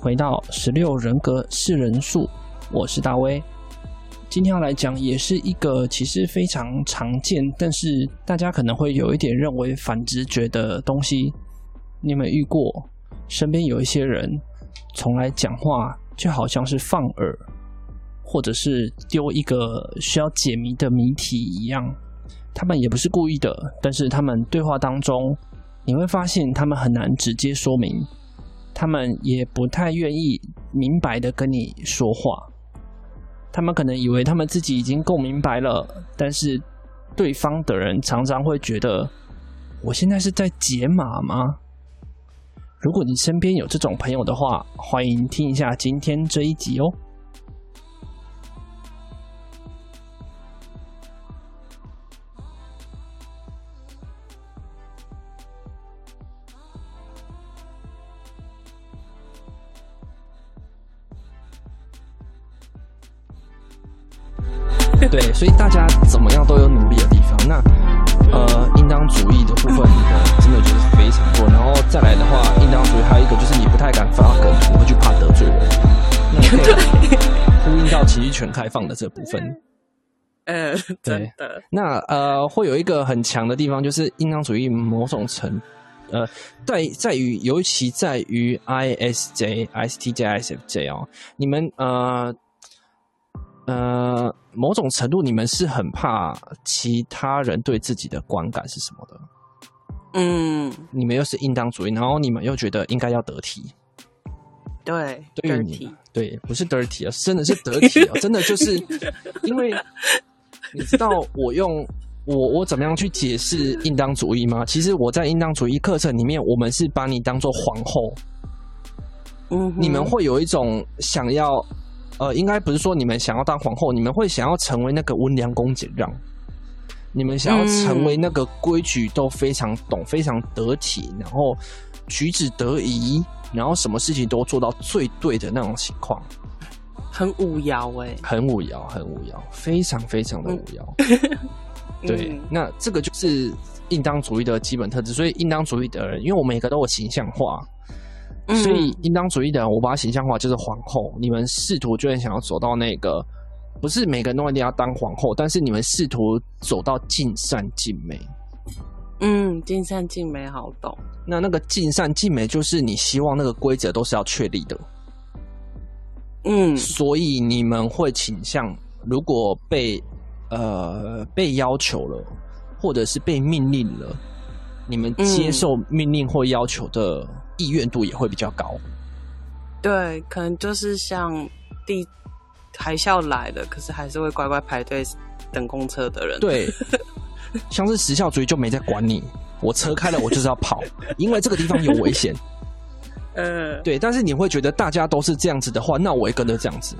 回到十六人格四人數，我是大威。今天要來講也是一個其實非常常見，但是大家可能會有一點認為反直覺的東西。你有沒有遇過身邊有一些人，從來講話就好像是放餌，或者是丟一個需要解謎的謎題一樣？他們也不是故意的，但是他們對話當中，你會發現他們很難直接說明。他們也不太願意明白的跟你說話，他們可能以為他們自己已經夠明白了，但是對方的人常常會覺得，我現在是在解碼嗎？如果你身邊有這種朋友的話，歡迎聽一下今天這一集哦。對，所以大家怎麼樣都有努力的地方。那，呃，應當主義的部分，你真的覺得非常多。 然後再來的話，應當主義還有一個就是，你不太敢發梗，你會去怕得罪人。那對、啊、 呼應到情緒全開放的這部分。對對呃，對。那呃，會有一個很強的地方，就是應當主義某種程，呃，在在於，尤其在於 ISJ、ISTJ、ISFJ 哦，你們呃。呃，某種程度，你們是很怕其他人對自己的觀感是什麼的？嗯，你們又是應當主義，然後你們又覺得應該要得體，對，對 dirty 對，不是得體啊，真的是得體啊， 真的就是因為你知道我用我我怎麼樣去解釋應當主義嗎？其實我在應當主義課程裡面，我們是把你當做皇後，嗯哼，你們會有一種想要。呃，應該不是說你們想要當皇後，你們會想要成為那個溫良恭儉讓，你們想要成為那個規矩都非常懂、嗯、非常得體，然後舉止得宜，然後什麼事情都做到最對的那種情況。欸，很無聊哎，很無聊，很無聊，非常非常的無聊。嗯、對，那這個就是應當主義的基本特質。所以，應當主義的人，因為我每個都有形象化。所以，應當主義的人，我把它形象化，就是皇後。你們試圖就是想要走到那個，不是每個人都一定要當皇後，但是你們試圖走到盡善盡美。嗯，盡善盡美好懂。那那個盡善盡美，就是你希望那個規則都是要確立的。嗯，所以你們會傾向，如果被呃被要求了，或者是被命令了，你們接受命令或要求的意願度也會比較高。對，可能就是像地海校來的，可是還是會乖乖排隊等公車的人。對，像是時效主義就沒在管你，我車開了，我就是要跑，因為這個地方有危險。呃，對，但是你會覺得大家都是這樣子的話，那我也跟着這樣子。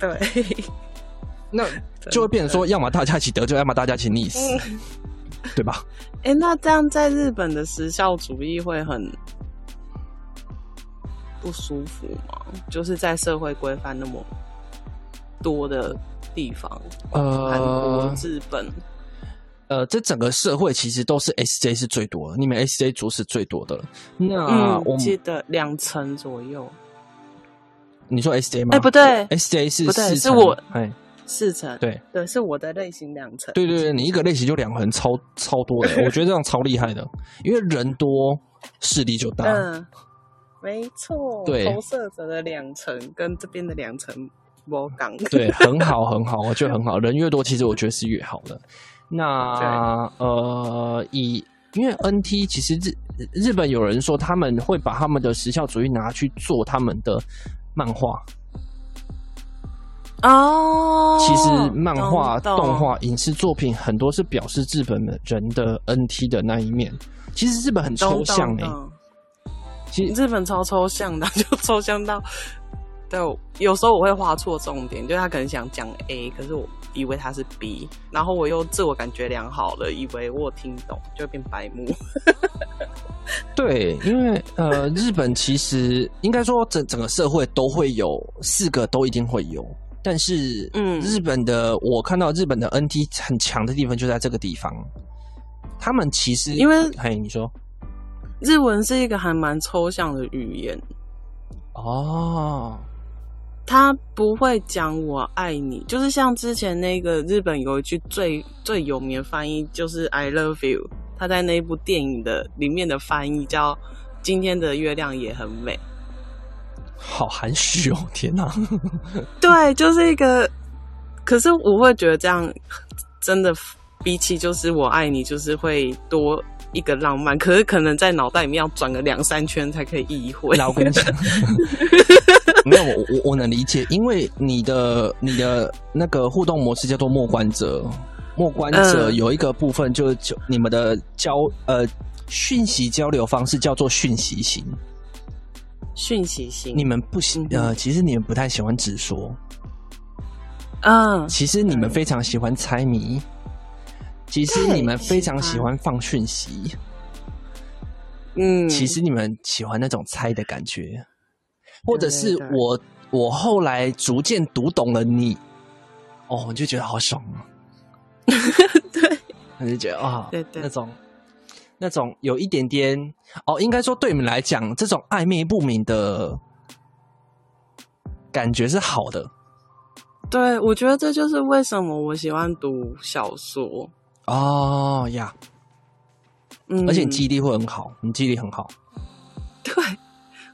對，那就會變成說，要麼大家一起得救，要麼大家一起溺死。對吧？哎、欸，那這樣在日本的時效主義會很不舒服嗎？就是在社會規範那麼多的地方，呃，韓國、日本，呃，這整個社會其實都是 SJ 是最多的，你們 SJ 族是最多的。那、嗯、我記得兩層左右。你說 SJ 嗎？哎、欸，不對，SJ 是不對，是我哎。四層，對對，對是我的類型兩層，對對對，你一個類型就兩層，超超多的， 我覺得這樣超厲害的，因為人多勢力就大。嗯、呃，沒錯，對，投射者的兩層跟這邊的兩層，我剛對 很，很好很好，我覺得很好，人越多其實我覺得是越好的。那對呃，以因為 NT 其實日日本有人說他們會把他們的時效主義拿去做他們的漫畫。哦，oh, 其實漫畫、動畫、影視作品很多是表示日本人的 NT 的那一面。其實日本很抽象誒，其實日本超抽象的，就抽象到，對，有時候我會畫錯重點，就他可能想講 A，可是我以為他是 B，然後我又自我感覺良好了，以為我有聽懂，就會變白目。 對，因為呃，日本其實應該說整整個社會都會有，四個都一定會有。但是，嗯，日本的、嗯、我看到日本的 NT 很強的地方就在這個地方。他們其實因為嘿，你說，日文是一個還蠻抽象的語言哦，他不會講我愛你，就是像之前那個日本有一句最最有名的翻譯就是 I love you，他在那部電影的裡面的翻譯叫今天的月亮也很美。好含蓄哦，天啊， 對，就是一個。可是我會覺得這樣，真的比起就是“我愛你”，就是會多一個浪漫。可是可能在腦袋裡面要轉個兩三圈才可以意會。老 公工 沒有我我能理解，因為你的你的那個互動模式叫做末關“末觀者”，“末觀者”有一個部分就是就你們的交、嗯、呃訊息交流方式叫做訊息型。訊息型，你們不喜、嗯、哼呃，其實你們不太喜歡直說，嗯，其實你們非常喜歡猜謎，對其實你們非常喜歡放訊息，嗯，其實你們喜歡那種猜的感覺，或者是我對對對我後來逐漸讀懂了你，哦，我就覺得好爽啊， 對，我就覺得啊，哦、對對，對那種。那種有一點點哦，應該說對你們來講，這種曖昧不明的感覺是好的。對，我覺得這就是為什麼我喜歡讀小說。哦呀，yeah、嗯，而且你記憶力會很好，你記憶力很好。對，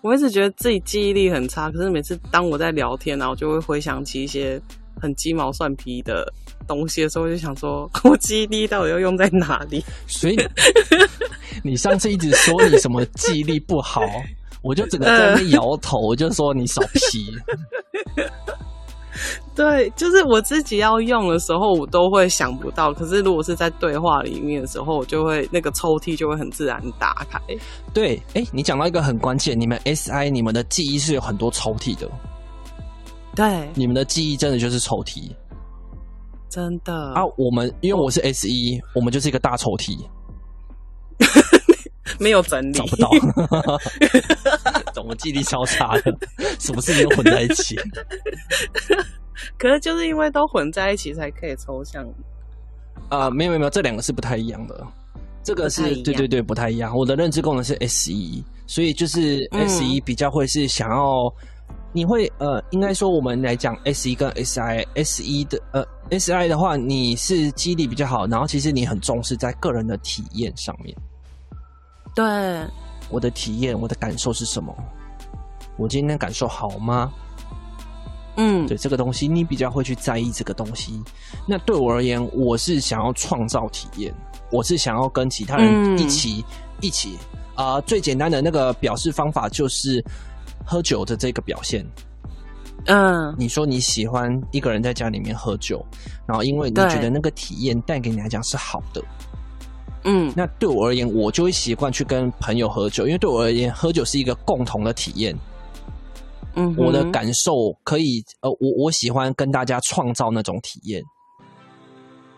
我一直覺得自己記憶力很差，可是每次當我在聊天啊，我就會回想起一些很雞毛蒜皮的。東西的時候，我就想說，我記憶力到底要用在哪裡？所以 你上次一直說你什麼記憶力不好， 我就只能在那搖頭， 我就說你少皮。對，就是我自己要用的時候，我都會想不到。可是如果是在對話裡面的時候，我就會那個抽屜就會很自然打開。對，哎、欸，你講到一個很關鍵，你們 SI，你們的記憶是有很多抽屜的。對，你們的記憶真的就是抽屜。真的啊，我們因為我是 SE, SE、哦、我們就是一個大抽屜， 沒有整理，找不到， 怎麼記憶力超差的？ 什麼事情都混在一起？ 可是就是因為都混在一起，才可以抽象。啊，沒有沒有沒有，這兩個是不太一樣的。這個是對對對，不太一樣。我的認知功能是 SE，所以就是 SE 比較會是想要、嗯。你會呃，應該說我們來講、Si, 呃、Se 跟 Si Se 的呃 Si 的話，你是記憶力比較好，然後其實你很重視在個人的體驗上面。對，我的體驗，我的感受是什麼？我今天的感受好嗎？嗯，對這個東西，你比較會去在意這個東西。那對我而言，我是想要創造體驗，我是想要跟其他人一起、嗯、一起啊、呃。最簡單的那個表示方法就是。喝酒的這個表現，嗯，uh, 你說你喜歡一個人在家裡面喝酒，然後因為你覺得那個體驗帶給你來講是好的，嗯，那對我而言，我就會習慣去跟朋友喝酒，因為對我而言，喝酒是一個共同的體驗，嗯、mm-hmm、我的感受可以，呃，我我喜歡跟大家創造那種體驗，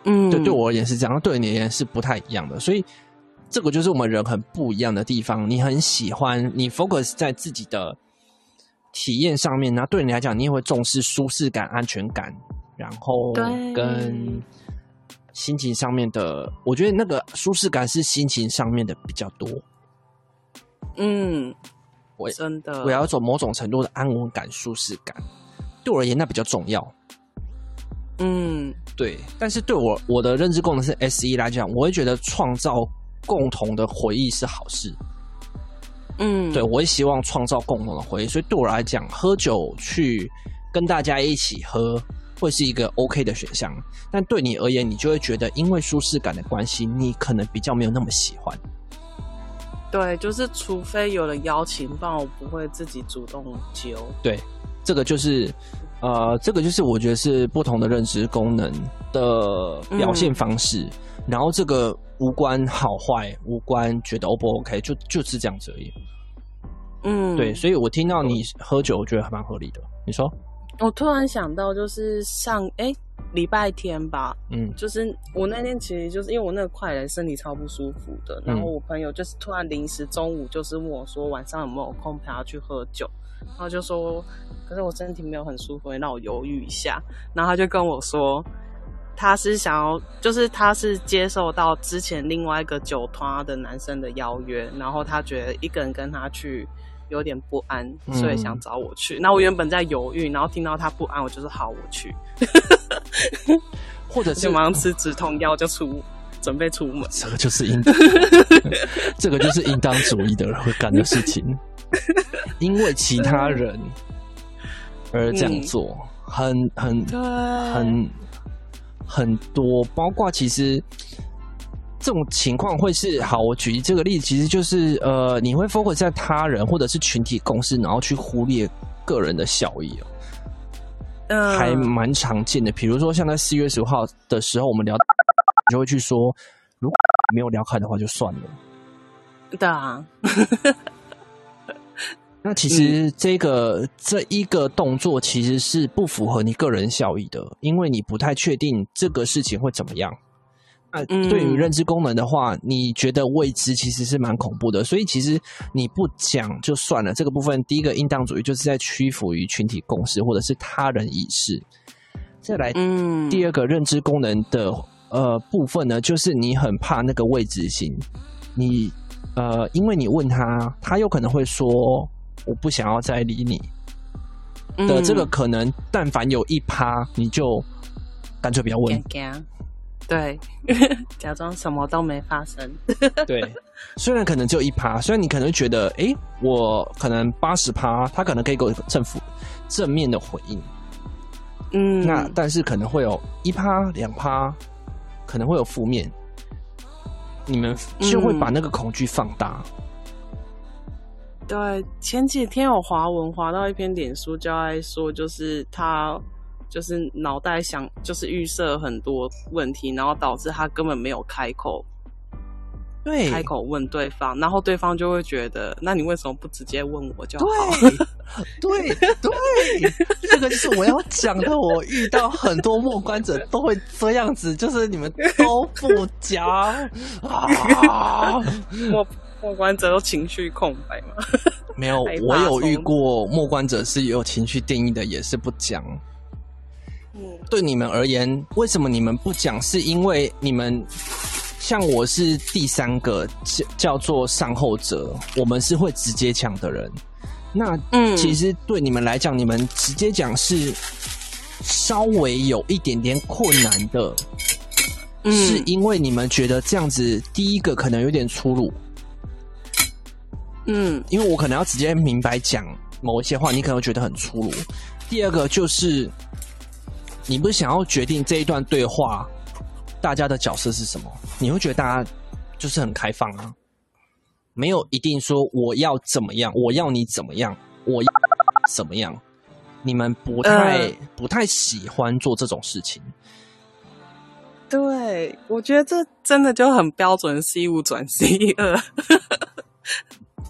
嗯，對，對我而言是這樣，對你而言是不太一樣的，所以這個就是我們人很不一樣的地方。你很喜歡，你 focus 在自己的。體驗上面呢，對你來講，你也會重視舒適感、安全感，然後跟心情上面的。對我覺得那個舒適感是心情上面的比較多。嗯，我也真的我要走某種程度的安穩感、舒適感，對我而言那比較重要。嗯，對。但是對我我的認知功能是 Se 來講，我會覺得創造共同的回憶是好事。嗯，對，我也希望創造共同的回憶，所以對我來講，喝酒去跟大家一起喝會是一個 OK 的選項。但對你而言，你就會覺得因為舒適感的關係，你可能比較沒有那麼喜歡。對，就是除非有了邀請，但我不會自己主動揪。對，這個就是。呃，這個就是我覺得是不同的認知功能的表現方式，嗯、然後這個無關好壞，無關覺得 O 不 OK，就就是這樣子而已。嗯，對，所以我聽到你喝酒，我覺得還蠻合理的。你說，我突然想到就是上哎、欸、禮拜天吧，嗯，就是我那天其實就是因為我那個快來身體超不舒服的，然後我朋友就是突然臨時中午就是問我說晚上有沒有空陪他去喝酒。然後就說，可是我身體沒有很舒服，讓我猶豫一下。然後他就跟我說，他是想要，就是他是接受到之前另外一個酒托的男生的邀約，然後他覺得一個人跟他去有點不安，所以想找我去。嗯、那我原本在猶豫，然後聽到他不安，我就是好，我去。 或者是馬上吃止痛藥就出，準備出門。這個就是應當， 這個就是應當主義的人會幹的事情。 因為其他人而這樣做，很很很很多，包括其實這種情況會是好。我舉這個例子，其實就是呃，你會 focus 在他人或者是群體共識，然後去忽略個人的效益。喔，還蠻常見的，比如說像在四月十五號的時候，我們聊，你就會去說，如果沒有聊開的話，就算了。對啊。 那其實這個、嗯、這一個動作其實是不符合你個人效益的，因為你不太確定這個事情會怎麼樣。那、呃嗯、對於認知功能的話，你覺得未知其實是蠻恐怖的，所以其實你不講就算了。這個部分第一個應當主義就是在屈服於群體共識或者是他人意識。再來、嗯、第二個認知功能的呃部分呢，就是你很怕那個未知性，你呃，因為你問他，他有可能會說。嗯我不想要再理你，嗯、的這個可能，但凡有一趴，你就感覺比較穩定，對，呵呵假裝什麼都沒發生。對，雖然可能只有一趴，雖然你可能覺得，誒、欸、我可能八十趴，他可能可以給正負正面的回應，嗯，那但是可能會有一趴兩趴，可能會有負面，你們就會把那個恐懼放大。嗯對，前幾天有滑文滑到一篇臉書，就在說，就是他就是腦袋想，就是預設很多問題，然後導致他根本沒有開口。對，開口問對方，然後對方就會覺得，那你為什麼不直接問我就好？對對對，對對 這個就是我要講的。我遇到很多末觀者都會這樣子，就是你們都不講啊。 我末關者都情緒空白嗎？ 沒有，我有遇過。末關者是有情緒定義的，也是不講。嗯、對你們而言，為什麼你們不講？是因為你們像我是第三個叫叫做善後者，我們是會直接講的人。那嗯，其實對你們來講，你們直接講是稍微有一點點困難的，嗯、是因為你們覺得這樣子第一個可能有點粗魯。嗯，因為我可能要直接明白講某一些話，你可能會覺得很粗魯。第二個就是，你不想要決定這一段對話，大家的角色是什麼？你會覺得大家就是很開放啊，沒有一定說我要怎麼樣，我要你怎麼樣，我要怎麼樣？你們不太、呃、不太喜歡做這種事情。對，我覺得這真的就很標準 C 五轉 C 二。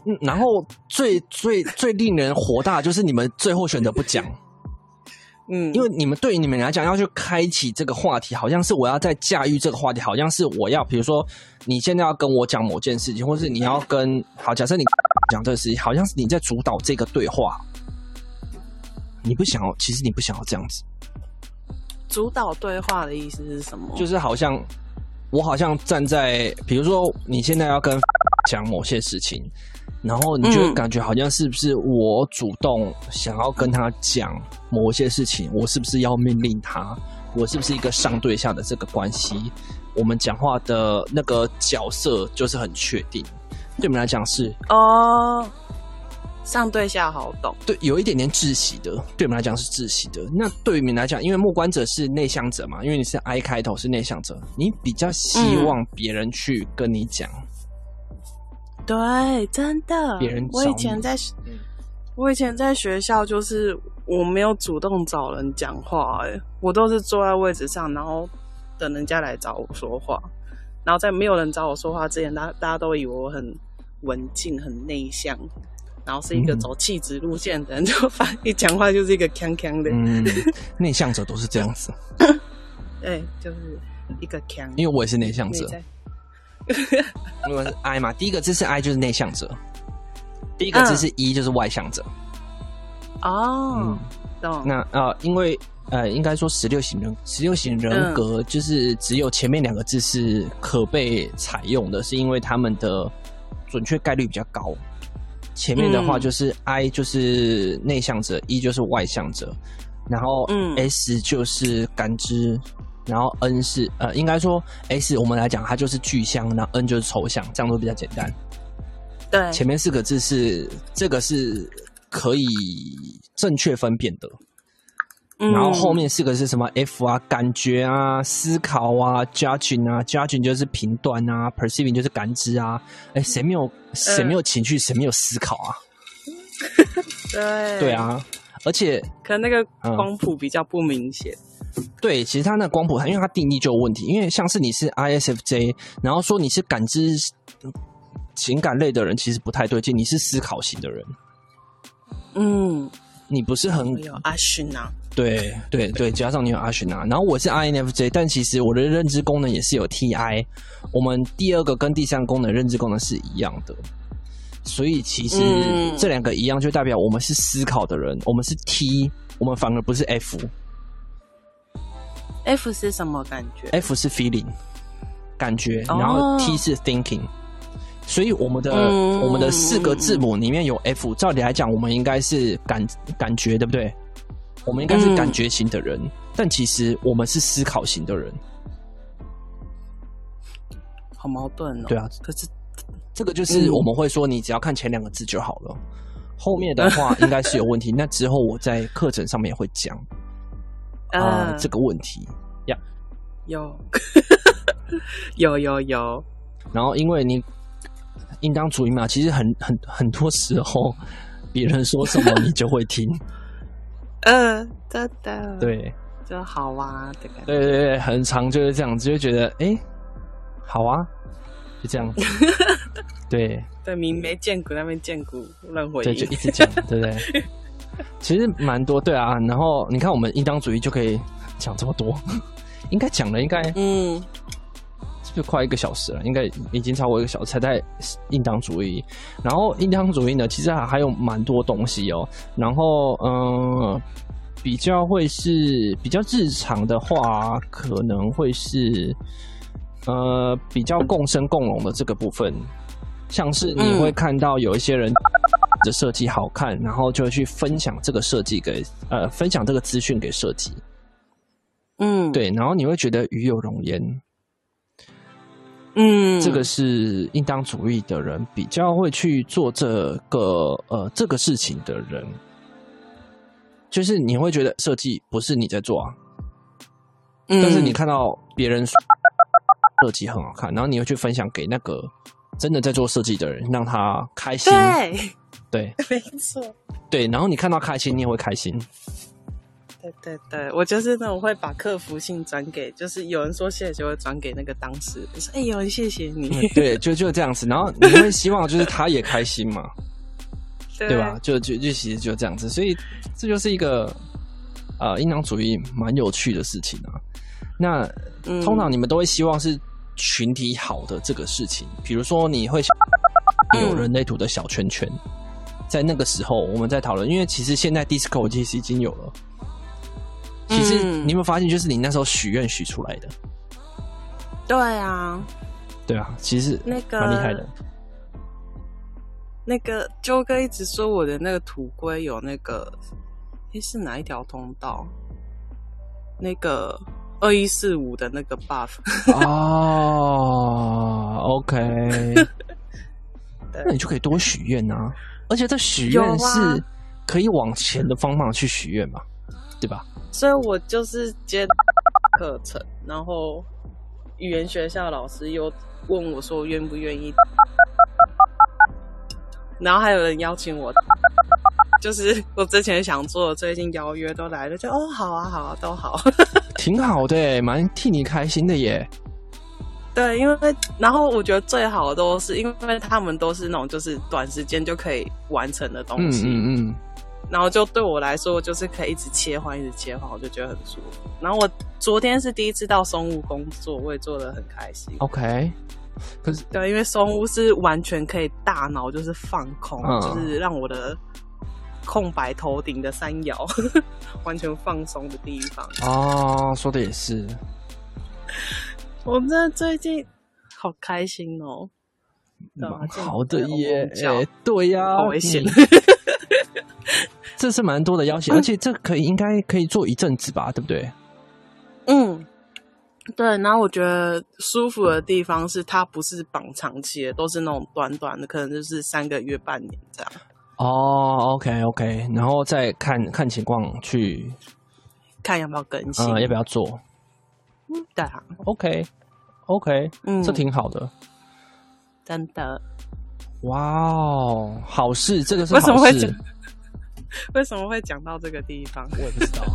嗯，然後最最最令人火大就是你們最後選擇不講， 嗯，因為你們對於你們來講要去開啟這個話題，好像是我要在駕馭這個話題，好像是我要，比如說你現在要跟我講某件事情，或是你要跟對好，假設你講這個事情，好像是你在主導這個對話，你不想，其實你不想要這樣子。主導對話的意思是什麼？就是好像我好像站在，比如說你現在要跟講某些事情。然後你就會感覺好像是不是我主動想要跟他講某些事情？我是不是要命令他？我是不是一個上對下的這個關係？我們講話的那個角色就是很確定。對我們來講是哦，上對下好懂。對，有一點點窒息的。對我們來講是窒息的。那對於你們來講，因為目觀者是內向者嘛，因為你是 I 開頭是內向者，你比較希望別人去跟你講。對，真的。別人，我以前在，我以前在學校就是我沒有主動找人講話，欸，我都是坐在位置上，然後等人家來找我說話。然後在沒有人找我說話之前，大家大家都以為我很文靜、很內向，然後是一個走氣質路線的人，就發、嗯、 一講話就是一個鏘鏘的，嗯。內向者都是這樣子。 對，就是一個鏘，因為我也是內向者。 因為是 I 嘛，第一個字是 I 就是內向者，第一個字是 E 就是外向者。哦，那啊、呃，因為呃，應該說十六型人，十六型人格就是只有前面兩個字是可被採用的，是因為他們的準確概率比較高。前面的話就是 I 就是內向者，嗯，就是內向者，E 就是外向者，然後 S、嗯、S 就是感知。然後 N 是呃，應該說 S 我們來講它就是具象，然後 N 就是抽象，這樣都比較簡單。對，前面四個字是這個是可以正確分辨的。嗯、然後後面四個是什麼？F 啊，感覺啊，思考啊，judging 啊，judging 就是評斷啊，perceiving 就是感知啊。哎，誰沒有、嗯、誰沒有情緒，呃、誰沒有思考啊？ 對。對啊，而且。可能那個光譜比較不明顯。嗯對，其實他那個光譜，因為他定義就有問題。因為像是你是 ISFJ，然後說你是感知情感類的人，其實不太對勁。你是思考型的人。嗯，你不是很，你有阿勳吶？對對對，加上你有阿勳吶。然後我是 INFJ，但其實我的認知功能也是有 TI。我們第二個跟第三個功能認知功能是一樣的，所以其實、嗯、這兩個一樣，就代表我們是思考的人，我們是 T，我們反而不是 F。F 是什麼感覺？F 是 feeling，感覺。然後 T 是 thinking，所以我們的、嗯、我們的四個字母裡面有 F，照理來講，我們應該是感感覺，對不對？我們應該是感覺型的人，嗯、但其實我們是思考型的人，好矛盾哦、喔。對啊，可是這個就是我們會說，你只要看前兩個字就好了，後面的話應該是有問題。 那之後我在課程上面會講。啊，呃 uh, 這個問題呀，yeah. 有 有有有。然後，因為你應當注意嘛，其實很很很多時候，別人說什麼你就會聽。嗯、uh,，真的，對，就好啊，對、這個。對對對，很常就是這樣子，就覺得哎、欸，好啊，就這樣子。 對。對，明明見過，沒見過，亂回。對，就一直講，對對對。其實蠻多，對啊，然後你看我們應當主義就可以講這麼多，應該講了，應該嗯，是不是快一個小時了，應該已經超過一個小時，才在應當主義。然後應當主義呢，其實還還有蠻多東西哦。然後嗯，比較會是比較日常的話，可能會是呃比較共生共榮的這個部分，像是你會看到有一些人。嗯的設計好看，然後就會去分享這個設計給呃，分享這個資訊給設計，嗯，對，然後你會覺得與有榮焉，嗯，這個是應當主義的人比較會去做這個呃這個事情的人，就是你會覺得設計不是你在做啊，嗯、但是你看到別人設計很好看，然後你會去分享給那個真的在做設計的人，讓他開心。對，沒錯錯。對，然後你看到開心，你也會開心。對對對，我就是那種會把客服信轉給，就是有人說謝謝，會轉給那個當時，我說哎呦、欸，謝謝你。嗯、對，就就這樣子。然後你會希望就是他也開心嘛？ 對，對吧？就就就其實就這樣子，所以這就是一個呃陰陽主義蠻有趣的事情啊。那通常你們都會希望是群體好的這個事情，嗯、比如說你會有人類圖的小圈圈。在那個時候，我們在討論，因為其實現在 Discord 其實已經有了。其實你有沒有發現，就是你那時候許願許出來的？對啊，對啊，其實那個蠻厲害的。那個、那個、周哥一直說我的那個土龜有那個，哎、欸，是哪一條通道？那個二一四五的那個 buff。哦 ，OK， 對那你就可以多許願啊。而且這許願是可以往前的方法去許願嘛，對吧？所以我就是接課程，然後語言學校老師又問我說願不願意，然後還有人邀請我，就是我之前想做的，最近邀約都來了，就哦好啊好啊都好， 挺好的，蠻替你開心的耶。對，因為然後我覺得最好的都是，因為他們都是那種就是短時間就可以完成的東西。嗯，嗯，嗯。然後就對我來說，就是可以一直切換，一直切換，我就覺得很舒服。然後我昨天是第一次到松屋工作，我也做得很開心。OK，對，因為松屋是完全可以大腦就是放空，嗯、就是讓我的空白頭頂的山搖，完全放鬆的地方。哦，說的也是。 我們這最近好開心哦、喔！蠻好的耶，對呀、嗯，好危險，嗯、這是蠻多的邀請，而且這可以應該可以做一陣子吧，對不對？嗯，對。然後我覺得舒服的地方是它不是綁長期的，都是那種短短的，可能就是三個月、半年這樣。哦，OK，OK，、okay, okay, 然後再看看情況去，看要不要更新、嗯，要不要做。的、啊、OK，OK，Okay, okay, 嗯，這挺好的，真的，哇、wow, 好事，這個是好事， 為什麼會講到這個地方？我也不知道。